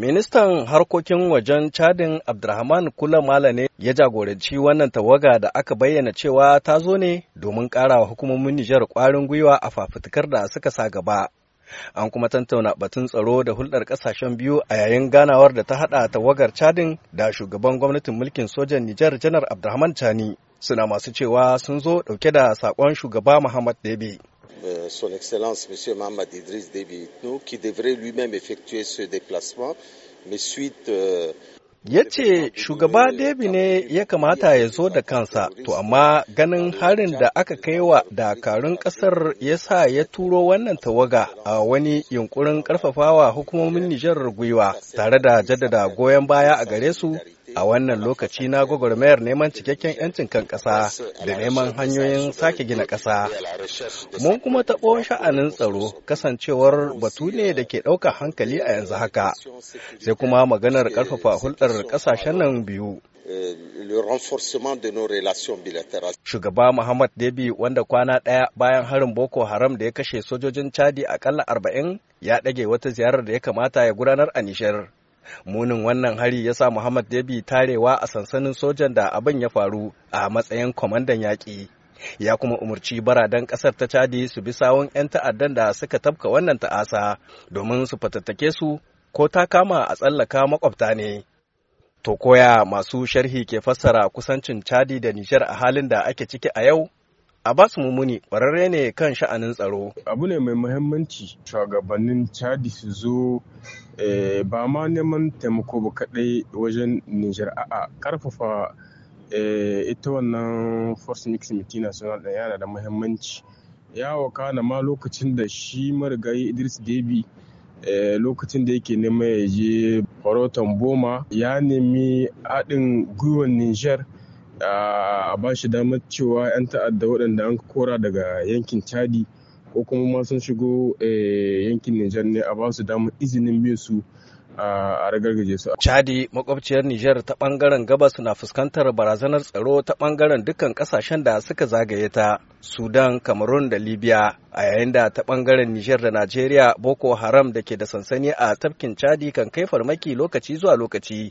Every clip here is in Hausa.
Ministan harkokin wajen Chadin Abdurahman Kula malane ya jagoranci wannan tawaga da aka bayyana cewa ta zo ne domin ƙarawa hukumomin Nijar kwarin gwiwa a fafutukar da suka sa gaba. An kuma tantauna batun tsaro da hulɗar ƙasashen biyu a yayin ganawar da ta haɗa tawagar Chadin da shugaban gwamnatin mulkin sojan Nijar Janar Abdurahman Chani. Suna masu cewa sun zo ɗauke da sakon shugaba Muhammad Debe. Euh, son Excellence M. Mahmoud Idriss Déby qui devrait lui-même effectuer ce déplacement, mais suite. Euh, ya ce shugaba Debi ne ya kamata ya zo da kansa, to amma ganin harin da aka kaiwa dakarun kasar ya sa ya turo wannan tawaga a wani yunkurin karfafawa hukumomin Nijar gwiwa tare da jaddada goyon baya a gare su a wannan lokaci na gwagwarmayar neman cikakken 'yancin kan ƙasa da neman hanyoyin sake gina ƙasa. Mun kuma taɓo sha'anin tsaro kasancewar batu ne da ke ɗaukar hankali a yanzu haka, sai kuma maganar ƙarfafa hulɗar ƙasashen nan biyu. Shugaba Muhammad Debi wanda kwana ɗaya bayan harin Boko Haram da ya kashe sojojin Chadi akalla arba'in ya ɗage wata ziyarar da ya kamata ya gudanar a Nishar. munin wannan hari ya sa muhammad debi tarewa a sansanin sojan da abin ya faru a matsayin kwamandan yaƙi ya kuma umarci baradan ƙasar ta cadi su bi sawon 'yan ta'addan da suka tafka wannan ta'asa domin su fatattake su ko ta kama a tsallaka makwabta ne to koya masu sharhi ke fassara kusancin cadi da nijar a halin da ake ciki a yau A basu Mumuni ƙwararre ne kan sha'anin tsaro. Abu ne mai mahimmanci shugabannin Chadi su zo Eh, ba ma neman taimako ba kaɗai wajen Nijar a'a karfafa eh, ita wannan Force Mix suna da yana da muhimmanci. Ya wakana ma lokacin da shi marigayi Idris Debi eh, lokacin da yake nema ya je farautan boma ya nemi haɗin gwiwar Nijar ah, a ba shi damar cewa 'yan ta'adda waɗanda an kora daga yankin Chadi. ko kuma ma sun shigo eh, yankin Nijar ne a ba su damar izinin bin su a ragargaje su. Chadi makwabciyar Nijar ta bangaren gabas na fuskantar barazanar tsaro ta bangaren dukkan kasashen da suka zagaye ta Sudan, Cameroon da Libya a yayin da ta bangaren Nijar da Najeriya Boko Haram da ke da sansani a tafkin Chadi kan kai farmaki lokaci zuwa lokaci.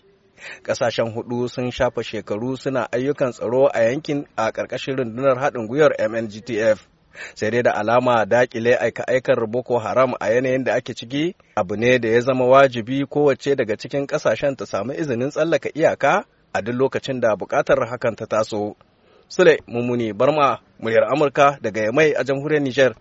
Kasashen hudu sun shafa shekaru suna ayyukan tsaro a yankin a ƙarƙashin rundunar haɗin gwiwar MNGTF. sai dai da alama dakile aika-aikar boko haram a yanayin da ake ciki abu ne da ya zama wajibi kowace daga cikin kasashen ta samu izinin tsallaka iyaka a duk lokacin da bukatar hakan ta taso sule mummuni barma muryar amurka daga yamai a jamhuriyar Nijar.